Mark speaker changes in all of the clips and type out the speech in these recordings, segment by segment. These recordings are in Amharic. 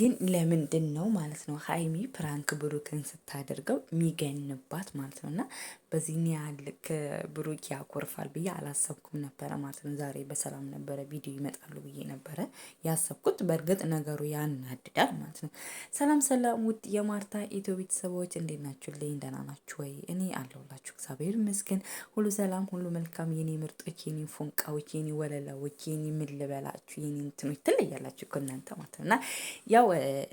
Speaker 1: ግን ለምንድን ነው ማለት ነው ሀይሚ ፕራንክ ብሩክን ስታደርገው የሚገንባት ማለት ነው እና በዚህን ያህል ልክ ብሩክ ያኮርፋል ብዬ አላሰብኩም ነበረ ማለት ነው። ዛሬ በሰላም ነበረ ቪዲዮ ይመጣሉ ብዬ ነበረ ያሰብኩት። በእርግጥ ነገሩ ያናድዳል ማለት ነው። ሰላም ሰላም፣ ውድ የማርታ ኢትዮ ቤተሰቦች እንዴት ናችሁልኝ? ደህና ናችሁ ወይ? እኔ አለሁላችሁ እግዚአብሔር ይመስገን፣ ሁሉ ሰላም፣ ሁሉ መልካም። የኔ ምርጦች፣ የኔ ፎንቃዎች፣ የኔ ወለላዎች፣ የኔ ምልበላችሁ፣ የኔ እንትኖች ትለያላችሁ ከእናንተ ማለት ነው እና ያው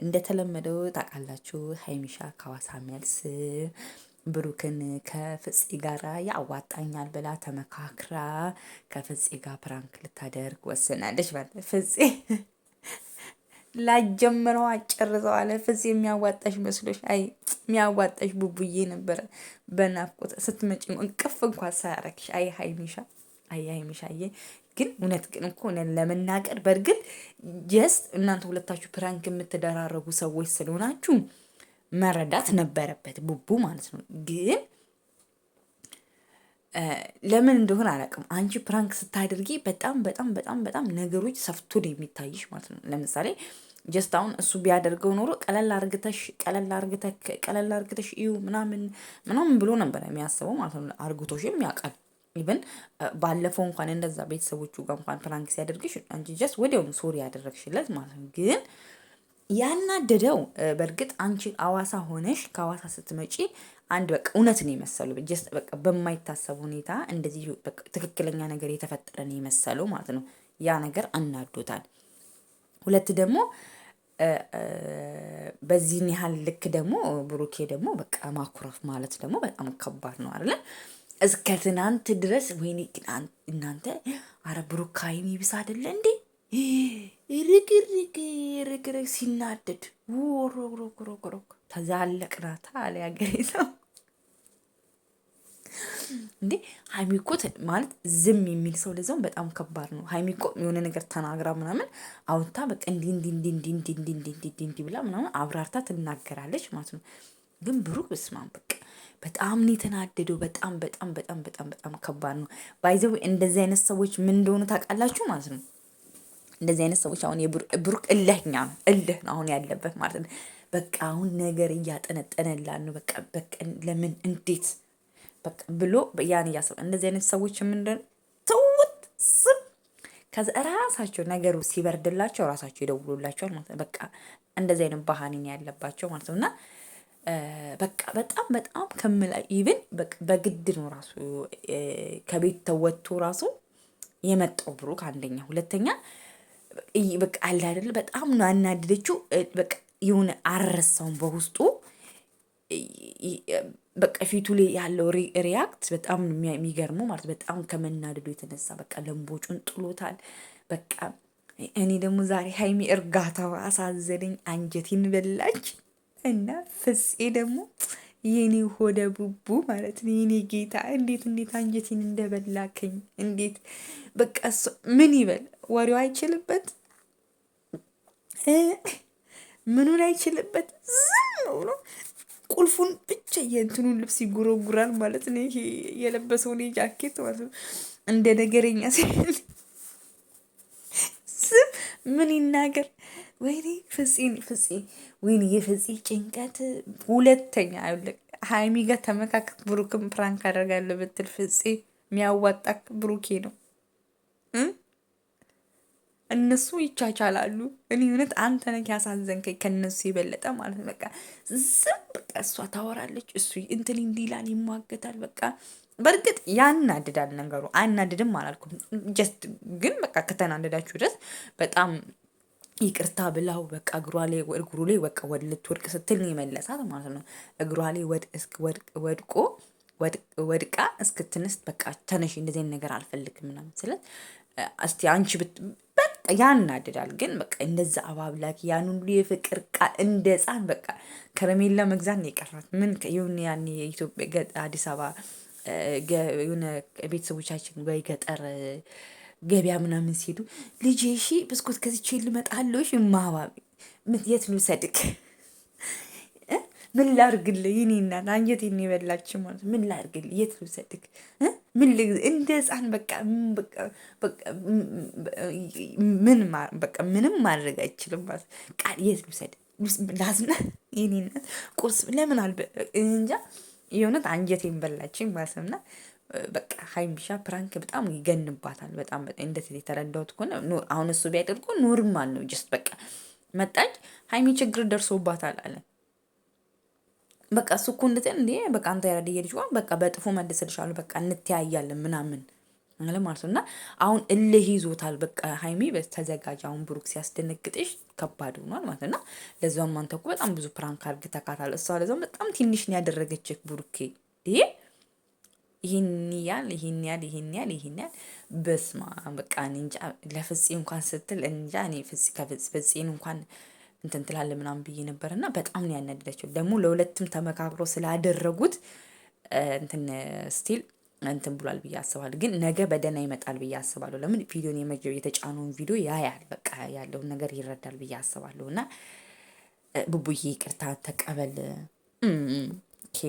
Speaker 1: እንደተለመደው ታውቃላችሁ ሀይሚሻ ከሐዋሳ መልስ ብሩክን ከፍፄ ጋራ ያዋጣኛል ብላ ተመካክራ ከፍፄ ጋር ፕራንክ ልታደርግ ወስናለች። ማለት ፍፄ ላጀምረው አጨርሰው አለ የሚያዋጣሽ መስሎሽ? አይ የሚያዋጣሽ ቡቡዬ ነበረ። በናፍቆት ስትመጪ እንቅፍ እንኳ ሳያረግሽ። አይ ሀይሚሻ፣ አይ ሀይሚሻዬ ግን እውነት ግን እኮ እውነት ለመናገር በእርግጥ ጀስት እናንተ ሁለታችሁ ፕራንክ የምትደራረጉ ሰዎች ስለሆናችሁ መረዳት ነበረበት ቡቡ ማለት ነው። ግን ለምን እንደሆነ አላውቅም። አንቺ ፕራንክ ስታደርጊ በጣም በጣም በጣም በጣም ነገሮች ሰፍቶ ነው የሚታይሽ ማለት ነው። ለምሳሌ ጀስት አሁን እሱ ቢያደርገው ኖሮ ቀለል አርግተሽ ቀለል አርግተሽ ቀለል አርግተሽ እዩ ምናምን ምናምን ብሎ ነበር የሚያስበው ማለት ነው። አርግቶሽም ያውቃል። ኢቨን ባለፈው እንኳን እንደዛ ቤተሰቦቹ ጋር እንኳን ፕራንክ ሲያደርግሽ አንቺ ጀስት ወዲያውኑ ሶሪ ያደረግሽለት ማለት ነው ግን ያናደደው በእርግጥ አንቺ አዋሳ ሆነሽ ከአዋሳ ስትመጪ አንድ በቃ እውነት ነው የመሰሉ በቃ በማይታሰብ ሁኔታ እንደዚህ ትክክለኛ ነገር የተፈጠረ ነው የመሰሉ ማለት ነው። ያ ነገር አናዶታል። ሁለት ደግሞ በዚህን ያህል ልክ ደግሞ ብሩኬ ደግሞ በቃ ማኩረፍ ማለት ደግሞ በጣም ከባድ ነው አይደለ? እስከ ትናንት ድረስ ወይኔ እናንተ አረ ብሩክ ሀይሚ ይብስ አይደለ እንዴ ርግርግ ርግርግ ሲናደድ ወሮሮሮሮሮክ ተዛለቅናታ አለ ያገሬ ሰው። እንዴ ሀይሚ እኮ ማለት ዝም የሚል ሰው ለዛውም በጣም ከባድ ነው። ሀይሚ እኮ የሆነ ነገር ተናግራ ምናምን አውታ በቃ እንዲ እንዲ እንዲ እንዲ እንዲ እንዲ እንዲ ብላ ምናምን አብራርታ ትናገራለች ማለት ነው። ግን ብሩክ ብስማን በቃ በጣም ነው የተናደደው። በጣም በጣም በጣም በጣም በጣም ከባድ ነው። ባይዘው እንደዚህ አይነት ሰዎች ምን እንደሆኑ ታውቃላችሁ ማለት ነው። እንደዚህ አይነት ሰዎች አሁን ብሩክ እልህኛ ነው፣ እልህ ነው አሁን ያለበት ማለት ነው። በቃ አሁን ነገር እያጠነጠነላን ነው። በቃ በቃ ለምን እንዴት በቃ ብሎ ያን እያሰብ እንደዚህ አይነት ሰዎች ምንድን ትውት ስም ከዚ ራሳቸው ነገሩ ሲበርድላቸው ራሳቸው ይደውሉላቸዋል ማለት ነው። በቃ እንደዚህ አይነት ባህኒን ያለባቸው ማለት ነው እና በቃ በጣም በጣም ከምላ ኢቭን በግድ ነው ራሱ ከቤት ተወጥቶ ራሱ የመጣው ብሩክ አንደኛ፣ ሁለተኛ በቃ አለ አይደለ በጣም ነው ያናደደችው። በቃ የሆነ አረሳውን በውስጡ በቃ ፊቱ ላይ ያለው ሪያክት በጣም የሚገርመው ማለት በጣም ከመናደዱ የተነሳ በቃ ለምቦጩን ጥሎታል። በቃ እኔ ደግሞ ዛሬ ሀይሚ እርጋታው አሳዘነኝ፣ አንጀቴን በላች እና ፍፄ ደግሞ የኔ ሆደ ቡቡ ማለት ነው። የኔ ጌታ እንዴት እንዴት አንጀቴን እንደበላከኝ እንዴት በቃ ምን ይበል ወሬው አይችልበት ምኑን አይችልበት ዝም ብሎ ቁልፉን ብቻ የእንትኑን ልብስ ይጉረጉራል ማለት ነው። ይሄ የለበሰውን ጃኬት ማለት ነው። እንደ ነገረኛ ሲል ስም ምን ይናገር? ወይኔ ፍፄን ፍጼ፣ ወይኔ የፍጼ ጭንቀት ሁለተኛ አይልቅ ሀይሚ ጋር ተመካከት ብሩክም ፕራንክ አደርጋለሁ ብትል ፍጼ የሚያዋጣክ ብሩኬ ነው። እነሱ ይቻቻላሉ። እኔ እውነት አንተ ነህ ያሳዘንከኝ ከነሱ የበለጠ ማለት ነው። በቃ ዝም በቃ እሷ ታወራለች፣ እሱ እንትን እንዲህ ይላል፣ ይሟገታል። በቃ በእርግጥ ያናድዳል ነገሩ። አናድድም አላልኩም፣ ጀስት ግን በቃ ከተናደዳችሁ ድረስ በጣም ይቅርታ ብላው በቃ እግሯ ላይ እግሩ ላይ በቃ ወድ ልትወድቅ ስትል የመለሳት ማለት ነው። እግሯ ላይ ወድቆ ወድቃ እስክትንስት በቃ ተነሽ፣ እንደዚህ ነገር አልፈልግም ምናምን ስለት እስቲ አንቺ በቃ ያናድዳል። ግን በቃ እንደዛ አባብላክ ያን ሁሉ የፍቅር ቃል እንደ ሕፃን በቃ ከረሜላ መግዛት ነው የቀራት። ምን ይሁን ያን የኢትዮጵያ አዲስ አበባ የሆነ ቤተሰቦቻችን ወይ ገጠር ገበያ ምናምን ሲሄዱ ልጄ ሺ ብስኩት ከዚች ልመጣለሽ ማባ የት ልውሰድክ ምን ላርግልህ? ይኔ እናት አንጀቴን የበላች ማለት ምን ላርግልህ? የት ልውሰድህ? ምን እንደ ህፃን በቃ ምን በቃ ምንም ማድረግ አይችልም ማለት ቃል የት ልውሰድህ? ላዝና ይኔ ቁርስ ለምን አልበ እንጃ የእውነት አንጀት በላችኝ ማለት ነውና በቃ ሀይሚሻ ፕራንክ በጣም ይገንባታል። በጣም በጣም እንደት የተረዳሁት ከሆነ አሁን እሱ ቢያደርገው ኖርማል ነው። ጀስት በቃ መጣች ሀይሚ ችግር ደርሶባታል አለ በቃ እሱ እኮ እንትን እንዴ በቃ አንተ ያረድየ ልጅ በቃ በጥፎ መልስልሻለሁ በቃ እንተያያለን ምናምን አለ ማለት ነው። እና አሁን እልህ ይዞታል። በቃ ሀይሚ ተዘጋጅ። አሁን ብሩክ ሲያስደነግጥሽ ከባድ ሆኗል ማለት እና ለዛም አንተ እኮ በጣም ብዙ ፕራንክ ተካታል። እሷ ለዛም በጣም ትንሽ ነው ያደረገች ብሩኬ። ይሄ ይህን ያል ይህን ያል ይህን ያል ይህን ያል በስማ በቃ እንጃ ለፍፄ እንኳን ስትል እንጃ እኔ ፍፄን እንኳን እንትን ትላለ ምናምን ብዬ ነበር እና በጣም ነው ያናደዳቸው። ደግሞ ለሁለትም ተመካክሮ ስላደረጉት እንትን ስቲል እንትን ብሏል ብዬ አስባለሁ። ግን ነገ በደህና ይመጣል ብዬ አስባለሁ። ለምን ቪዲዮን የመጀው የተጫነውን ቪዲዮ ያያል፣ በቃ ያለውን ነገር ይረዳል ብዬ አስባለሁ። እና ቡቡዬ ይቅርታ ተቀበል ኦኬ